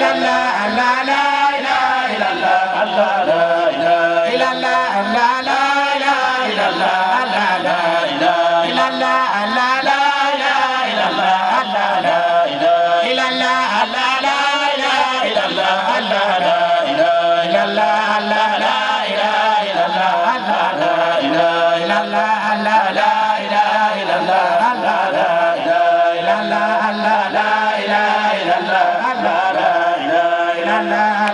la la la la la la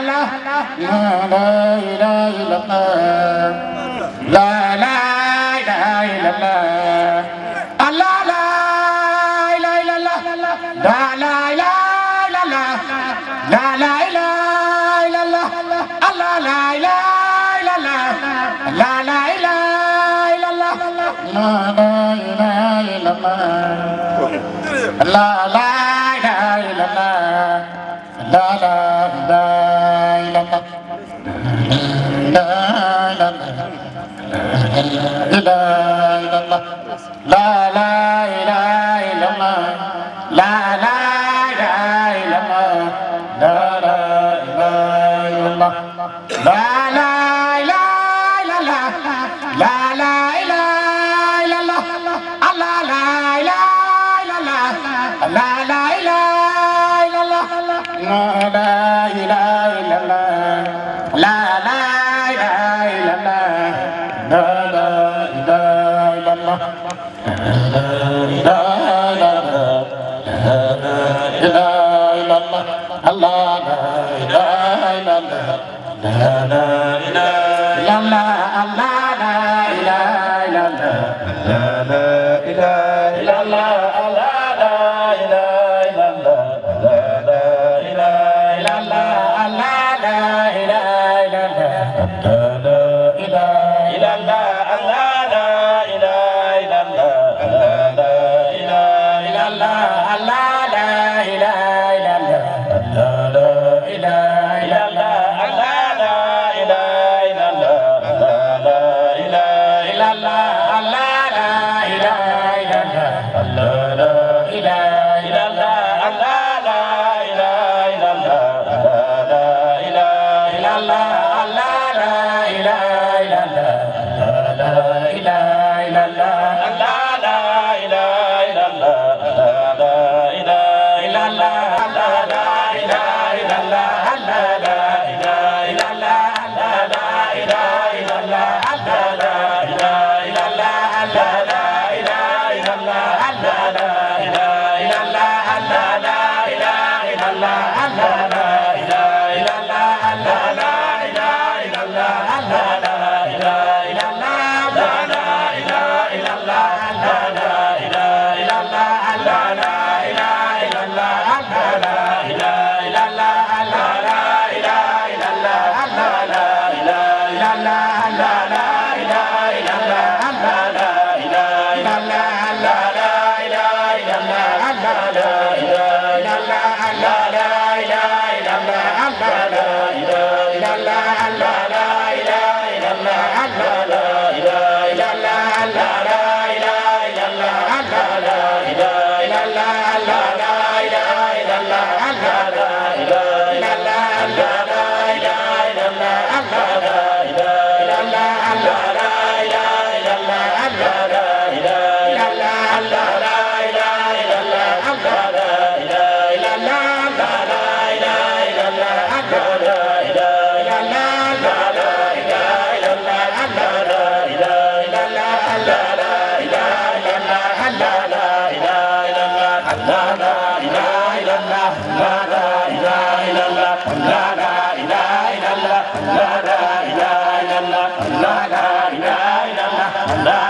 الله لا لا إله إلا الله لا لا إله إلا الله الله لا إله إلا الله لا لا إله إلا الله لا لا إله إلا الله الله لا إله إلا الله لا لا إله إلا الله لا لا إله إلا الله لا لا إله إلا الله لا لا هذا la la la la la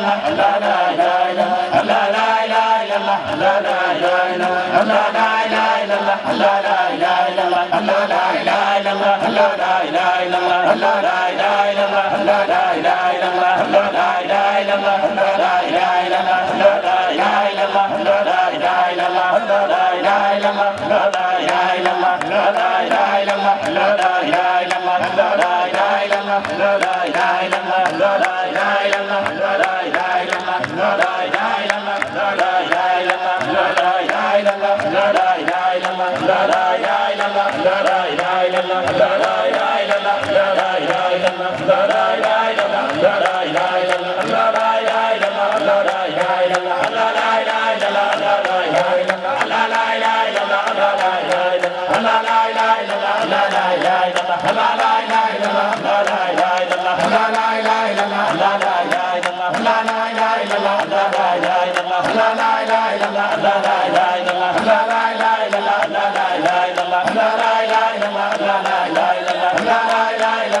la la la la la la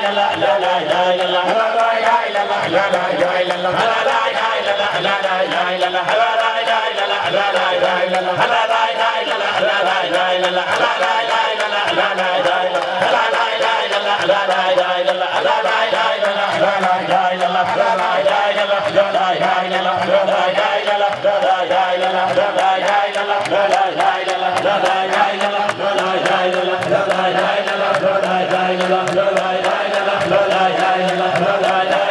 la la la la la la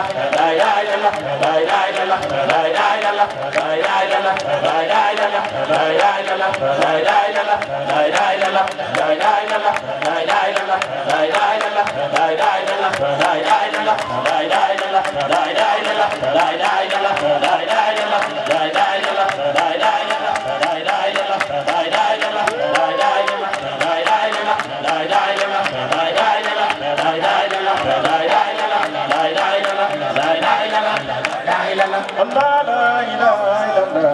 la la la la لا لا إله إلا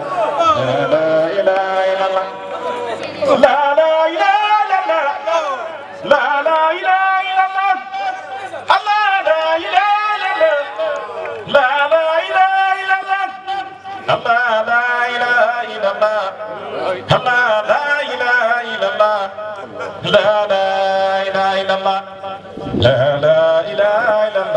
الله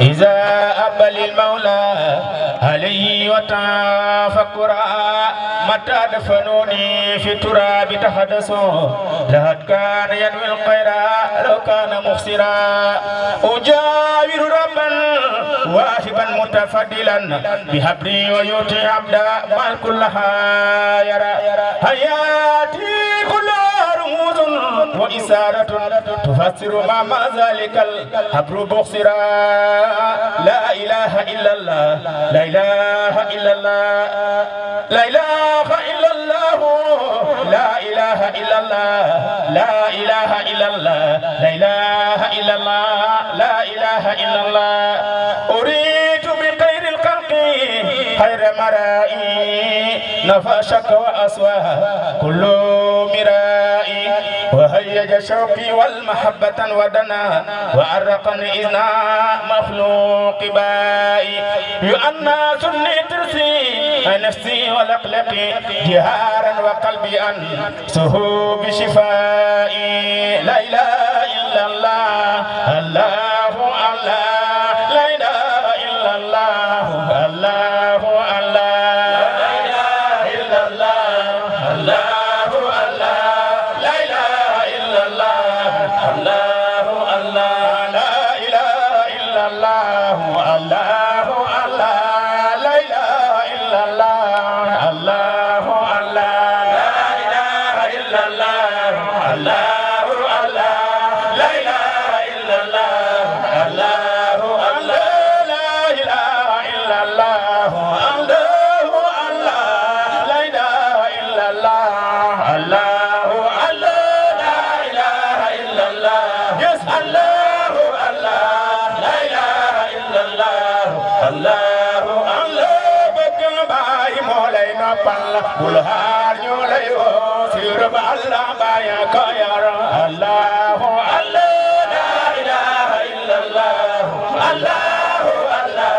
إذا وتفكرا متى دفنوني في التراب تحدثوا لقد كان ينوي الخير لو كان مخسرا أجاور ربا واهبا متفضلا بحبري ويؤتي عبدا مال كلها يرى حياتي إسارة تفسر ما مع ذلك الحبر بخسرا لا إله إلا الله لا إله إلا الله لا إله إلا الله لا إله إلا الله لا إله إلا الله لا إله إلا الله لا إله إلا الله أريد بخير الخلق خير مرائي نفى شك وأسواه كل مرائي هيج شوقي والمحبة ودنا وأرقني إذ مخلوق بائي يؤنى سني ترسي نفسي والأقلق جهارا وقلبي أنسه بشفائي لا إله إلا الله الله palla bul haar ñu lay woo si rëbb allah baya ko yara allahu allah la ilaha illa allah allahu allah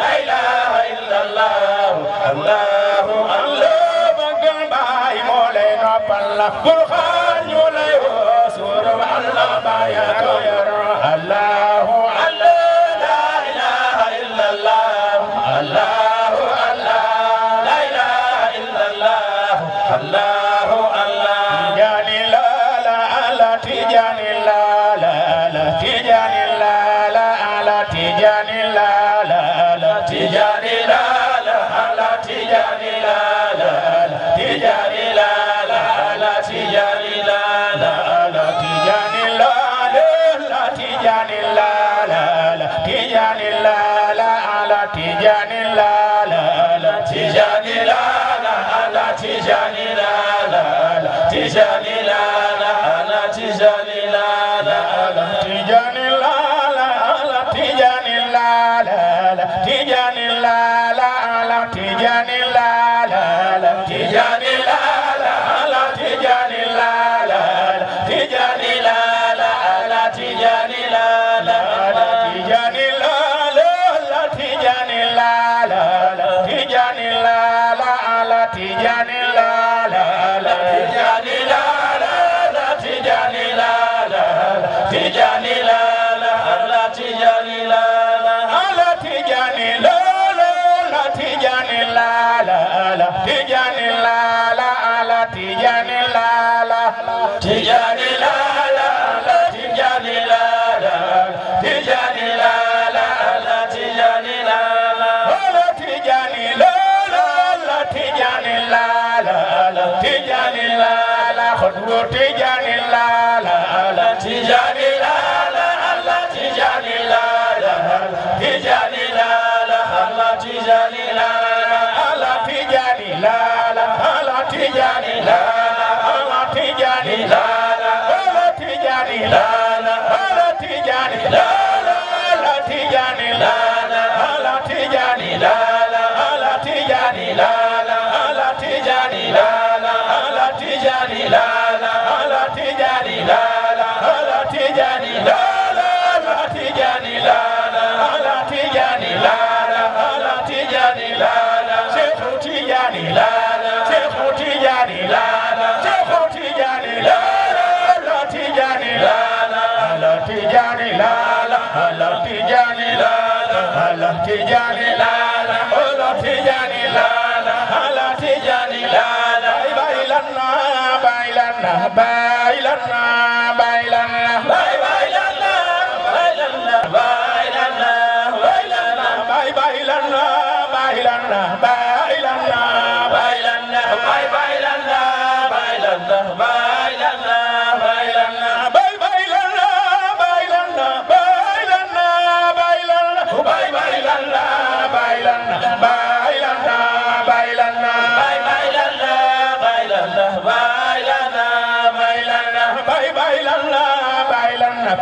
la ilaha illa allah allahu allah bëgg baay moo lay noppal la bul haar ñu lay woo si rëbb allah baya ko yara Tijanillah هلا تجاني لا لا هلا تجاني لا لا هلا تجاني لا لا بايلنا بايلنا بايلنا بايلنا باي بايلنا بايلنا بايلنا بايلنا باي بايلنا بايلنا بايلنا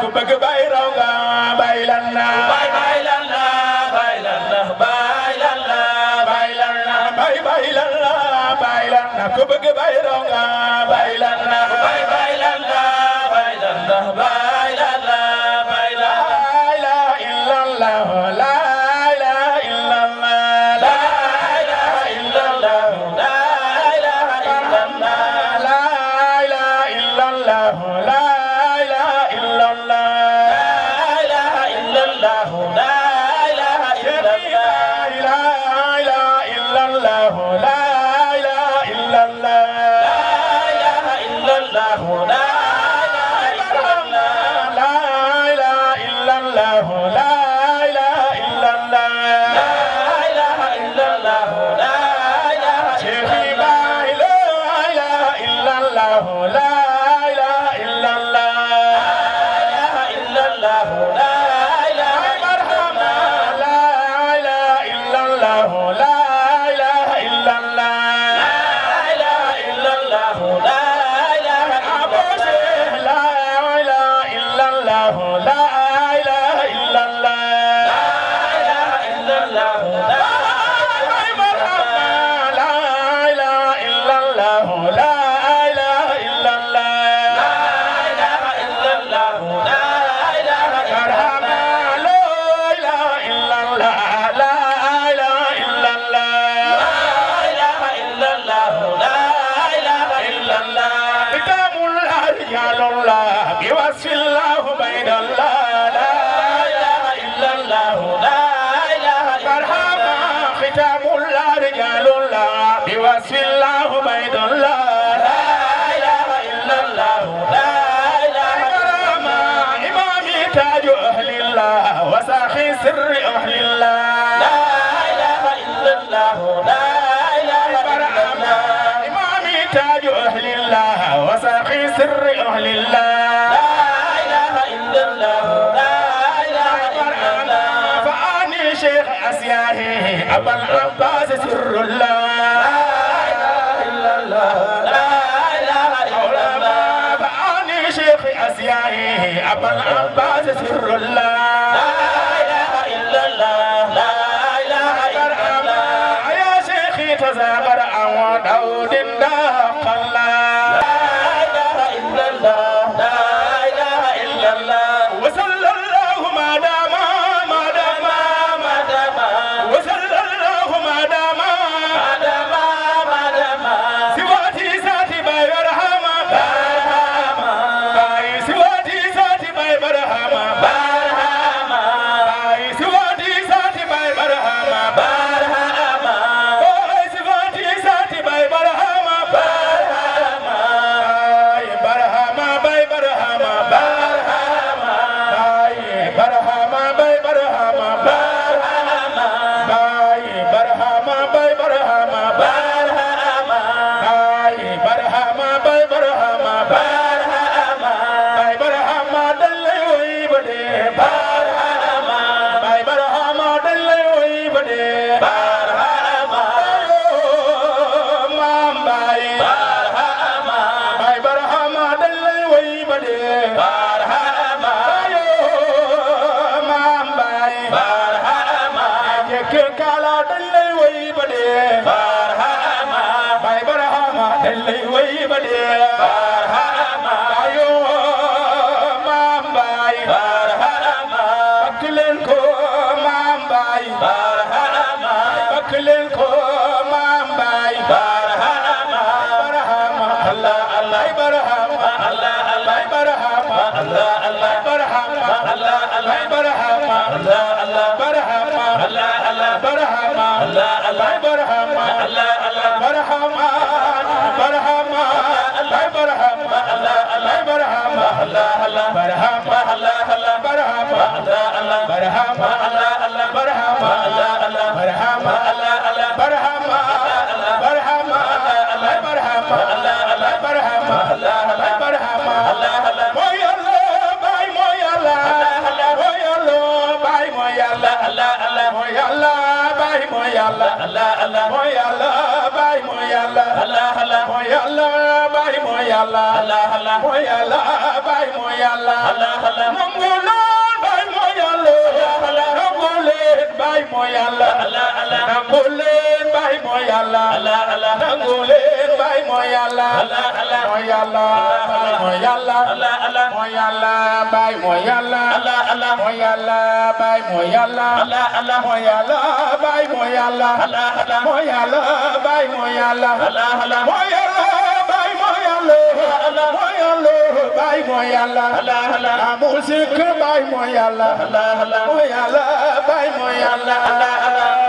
ku bëgg bay raw nga bay na bay bay na bay lan na bay lan na سر أهل الله لا إله إلا الله لا إله إلا الله فأني شيخ أسياه أبا العباس سر الله لا إله إلا الله لا إله إلا الله فأني شيخ أسياه أبا العباس سر الله لا إله إلا الله لا إله إلا الله يا شيخي تزابر أو داود الله الله برحمة الله الله برحمة الله الله برحمة الله الله برحمة الله الله برحمة الله الله برحمة برحمة الله برحمة الله الله برحمة الله الله برحمة الله الله برحمة الله الله برحمة الله الله برحمة الله الله برحمة الله الله برحمة الله برحمة الله الله برحمة الله الله برحمة الله الله برحمة الله الله baay mooy yàlla allah allah mooy yàlla baay mooy yàlla allah allah mooy yàlla baay mooy yàlla allah allah mooy yàlla baay mooy yàlla allah allah nangu leen baay mooy yàlla allah allah nangu leen baay mooy yàlla allah allah nangu leen baay mooy yàlla allah allah nangu leen bay mooy yàlla mooy yàlla mooy yàlla mooy yàlla bay mooy yàlla mooy yàlla bay mooy yàlla mooy yàlla bay mooy yàlla mooy yàlla bay mooy yàlla mooy yàlla mooy yàlla baay mooy yàlla amul sikk baay mooy yàlla mooy yàlla baay mooy yàlla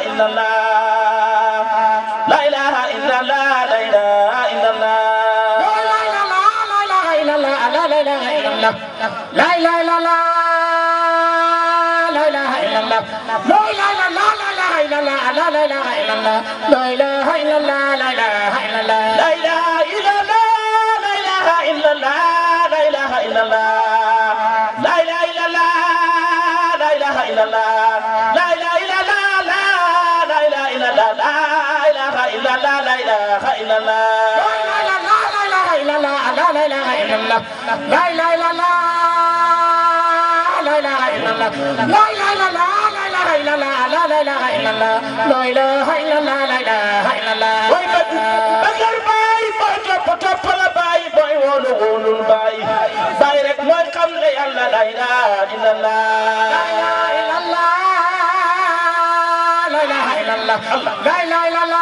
ilaha illallah la ilaha illallah la ilaha illallah la ilaha illallah لا اله الا الله لا اله الا الله لا اله الا الله لا اله الا الله لا اله الا الله لا اله الا الله لا اله الا الله لا اله الا الله لا اله الا الله لا اله الا الله إلا الله لا إله إلا الله لا إله إلا الله لا إله إلا الله لا إله إلا الله لا إله إلا الله لا إله إلا الله إلا الله لا إله إلا الله لا إله إلا الله لا إله إلا الله بكر باي باي توب توب لا باي باي wóolu wóolul baay baay rek mooy xam ne yàlla la ilaha illallah la ilaha illallah la ilaha illallah la ilaha illallah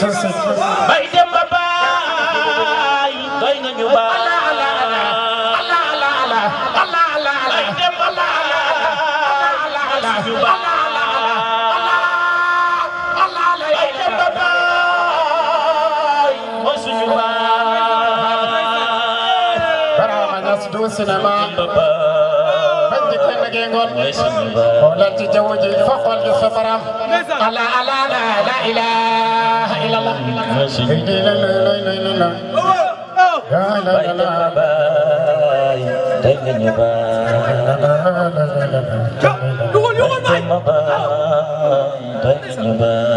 bay dem ba baay doy nga ñu baay bay dem ba baay doy nga ñu baay cinema. ngoon xoolal ci jaww ji fa xool ci sa borom ala ala la la ilaha illallah la la la la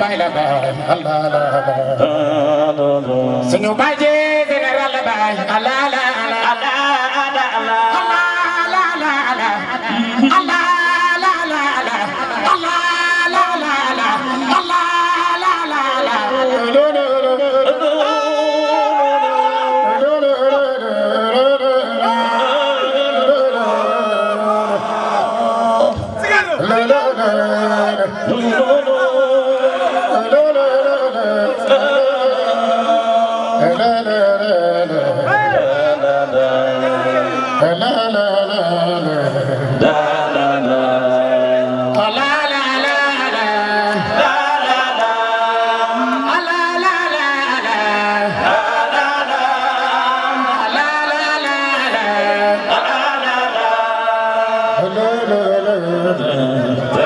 bay la bay allah la la suñu bay général la bay allah la لا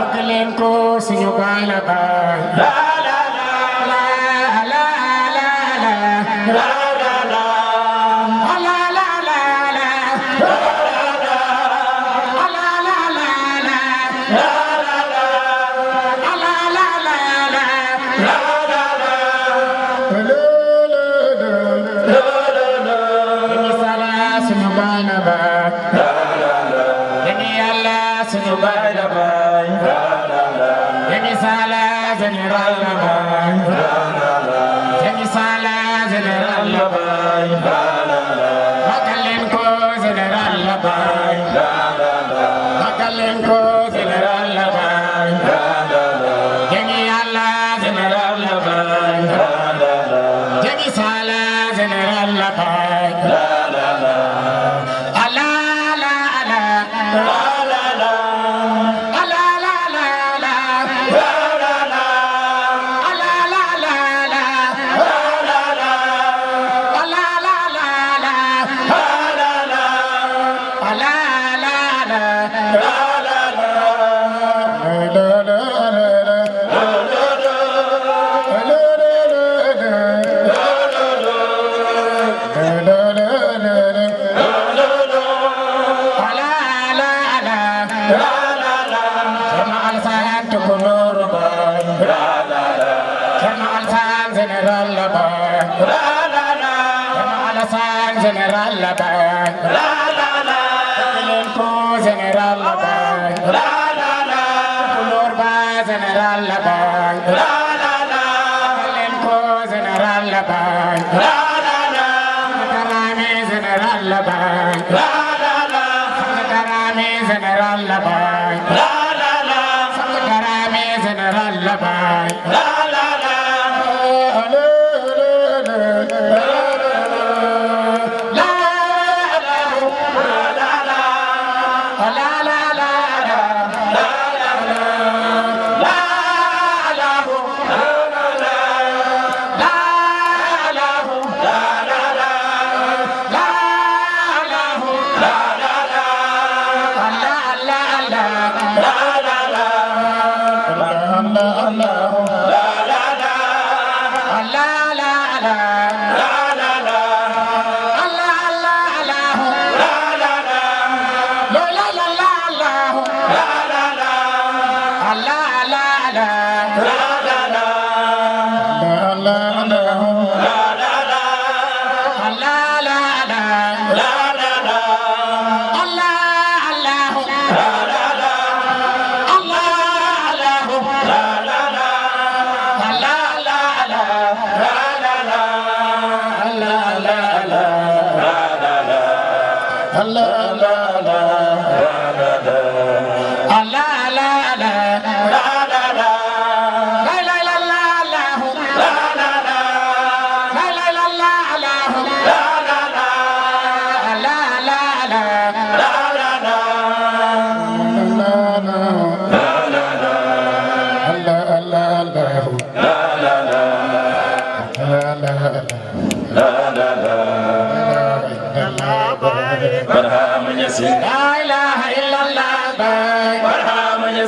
bëgg leen ko suñu baay la baay رسالة جنرال لطايك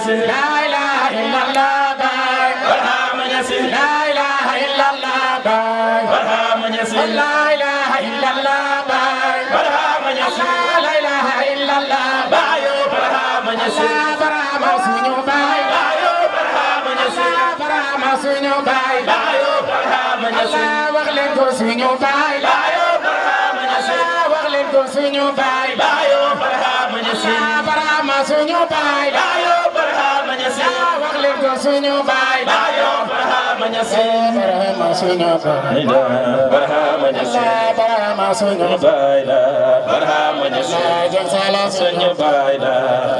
suñu baay baayo barama ñasi wax leen ko suñu baay baayo barama ñasi barama suñu baay baayo wax leen ko suñu baay bayo Barhama Ñas Barhama suñu baay la Barhama Ñas Barhama suñu baay la Barhama Ñas Jëm Sala suñu baay la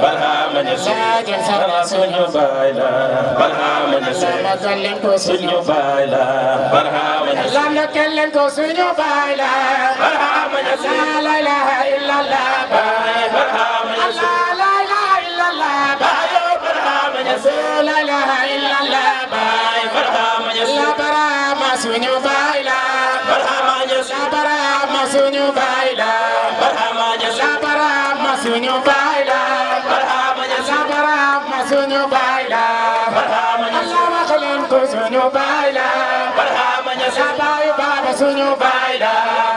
Barhama Ñas Jëm Sala suñu baay la Barhama Ñas Magal leen ko suñu baay la Barhama Ñas Magal leen ko suñu baay la Barhama Ñas La ilaha illallah baay Barhama Ñas La ilaha illallah baay رسول الله إلا الله باي برهام لا برام سونيو بايلا برهام لا برام سونيو بايلا برهام لا برام سونيو بايلا برهام لا برام سونيو بايلا برهام الله مخلن كسونيو بايلا برهام لا باي بابا سونيو بايلا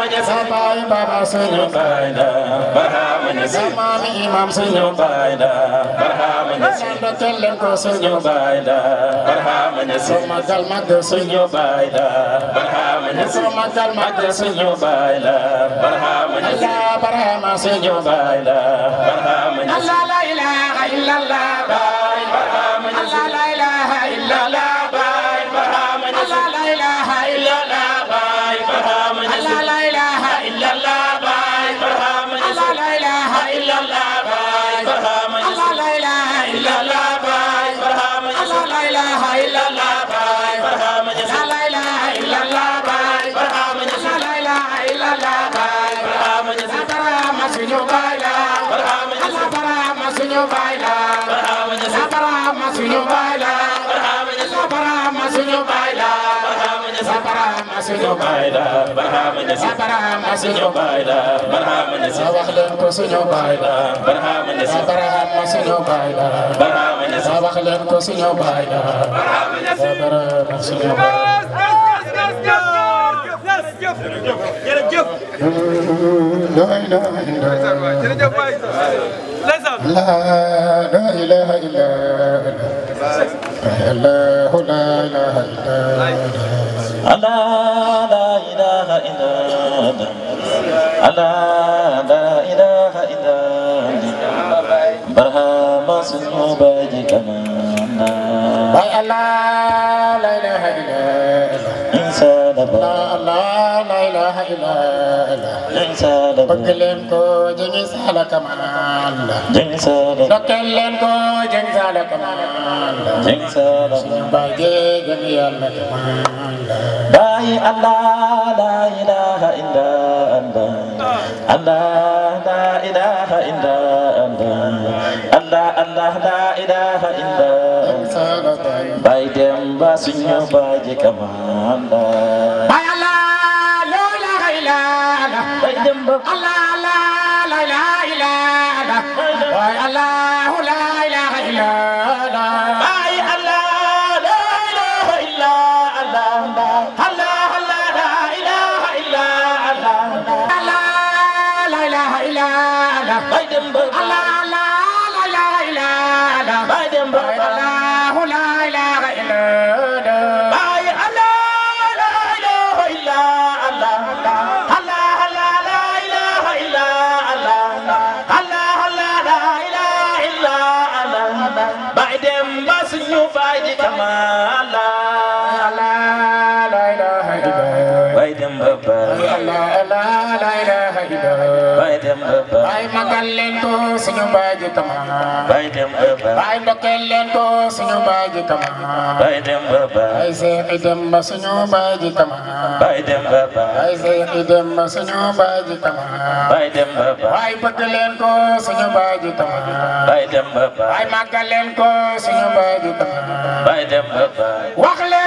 Barhama Niass sa baay baba suñu baay la Barhama Niass sa maami imam suñu baay la Barhama Niass ndokkeel leen ko suñu baay la Barhama Niass su magal magal suñu baay la Barhama Niass su magal magal suñu baay la Barhama Niass Allah Barhama suñu baay la Barhama Niass Allah la ilaha illallah baay Barhama Niass Allah la ilaha illallah suñu baay la Barhama Niass Barhama suñu baay la Barhama Niass wax leen ko suñu baay la Barhama Niass Barhama suñu baay la Barhama Niass wax leen ko suñu baay la Barhama Niass Barhama suñu baay la la ilaha illa الله لا إله إلا الله لا إله إلا الله لا إله إلا الله برهام سنوبك من الله لا إله إلا insa la la la ilaha illa allah insa la bëgg leen ko jëngi sala kamal jëngi sala dokkal leen ko jëngi sala kamal jëngi sala suñu bàyyi jëngi yàlla kamal bàyyi allah la ilaha illa allah allah la ilaha illa allah allah la ilaha illa ndokkeel leen ko suñu baay ji tama baay dem ba baay ndokkeel leen ko suñu baay ji tama baay dem ba baay seexi dem ba suñu baay ji tama baay dem ba baay seexi dem ba suñu baay ji tama baay dem ba baay bëgg leen ko suñu baay ji tama baay dem ba baay màggal leen ko suñu baay ji tama baay dem ba baay wax leen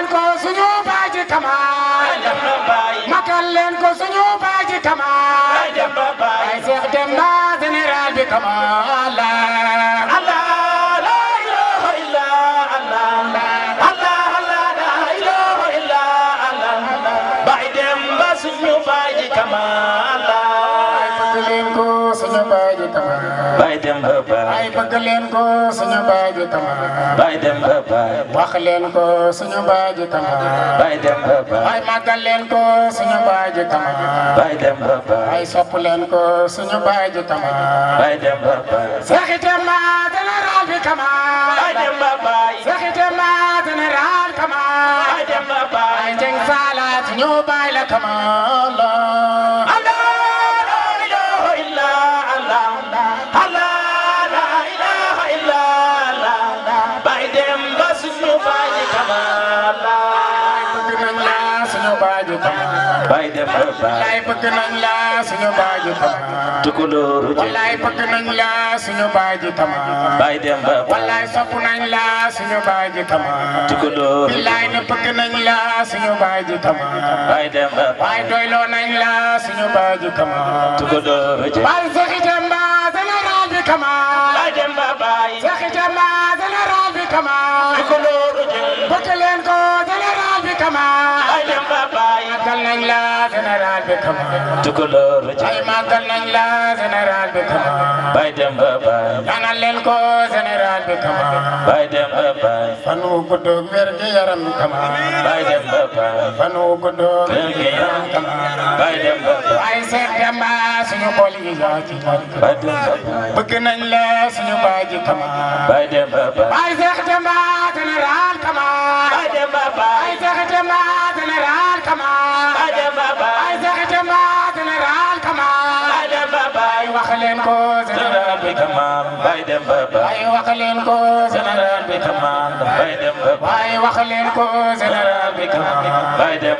suñu baaji tama bay dem ba bay wax leen ko suñu baaji tama bay dem ba bay ay màggal leen ko suñu baaji tama bay dem ba bay ay sopp leen ko suñu baaji tama bay dem ba bay saxi tama général bi kama bay dem ba bay saxi tama général kama bay dem ba bay ay jeng sala suñu bay la kama baaju ba bay defar ba wallaay bëgg nañ la suñu baaju ba tukulóoru jë wallaay bëgg nañ la suñu baaju ba bay dem ba wallaay sopp nañ la suñu baaju ba tukulóoru billaay ne bëgg nañ la suñu baaju ba bay dem ba waay doyloo nañ la suñu baaju ba tukulóoru jë bay saxi jamba général bi kama bay dem ba bay saxi jamba général bi kama bi kamaa tukulóor ay màggal nañ la général bi kamaa bay dem ba bay ñaanal leen ko général bi kamaa bay dem ba bay fanu gudd wér gi yaram kamaa bay dem ba bay fanu gudd wér gi yaram kamaa bay dem ba bay ay seet demba suñu xol yi yaa ci bay dem ba bay bëgg nañ la suñu baaji kamaa bay dem ba bay ko général bi commande bay dem bay wax leen ko général bi commande bay dem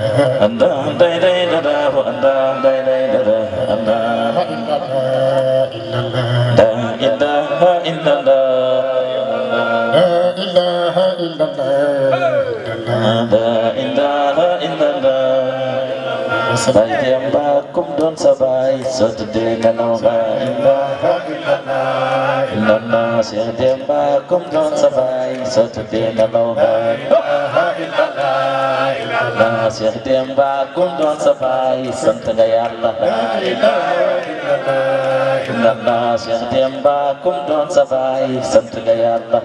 الله لا إله إلا الله الله لا إله إلا الله الله لا إله إلا الله لا إله إلا الله لا إله إلا الله Sampai yang bakum don sabai Sotu dengan oba indah Indah nas yang bakum don sabai Sotu dengan oba yàlla Cheikh Demba kum doon sa baay sant nga yàlla laa ilaaha illallah Cheikh Demba kum doon sa baay sant nga yàlla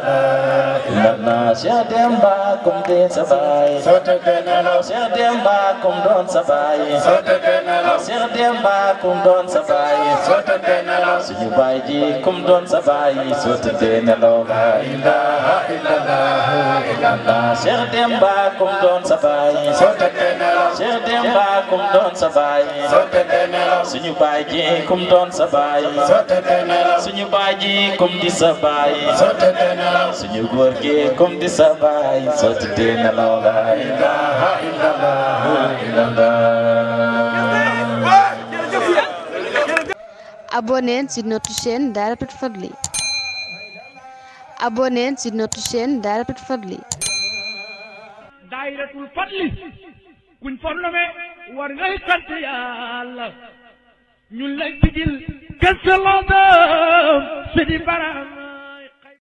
Cheikh Demba kum dee sa baay. soo tëggee ne la. Cheikh Demba kum doon sa baay. soo tëggee ne la. Cheikh Demba kum doon sa baay. soo tëggee ne la. suñu baay ji kum doon sa baay. soo tëggee ne la. laa ilaaha illallah. Cheikh Demba kum doon sa baay. soo tëggee ne la. Cheikh Demba kum doon sa baay. soo tëggee ne la. suñu baay ji kum doon sa baay. soo tëggee ne la. suñu baay ji kum di sa baay. soo tëggee ne la. suñu góor gi comme di sa baay soo ci dee nelaw la ilaha illallah abonnez sur notre chaîne Dahiratoul Fadly abonnez sur notre chaîne Dahiratoul Fadly Dahiratoul Fadly kuñ fornome war ngay sant Yàlla ñun lay tigil kese la doom si di baram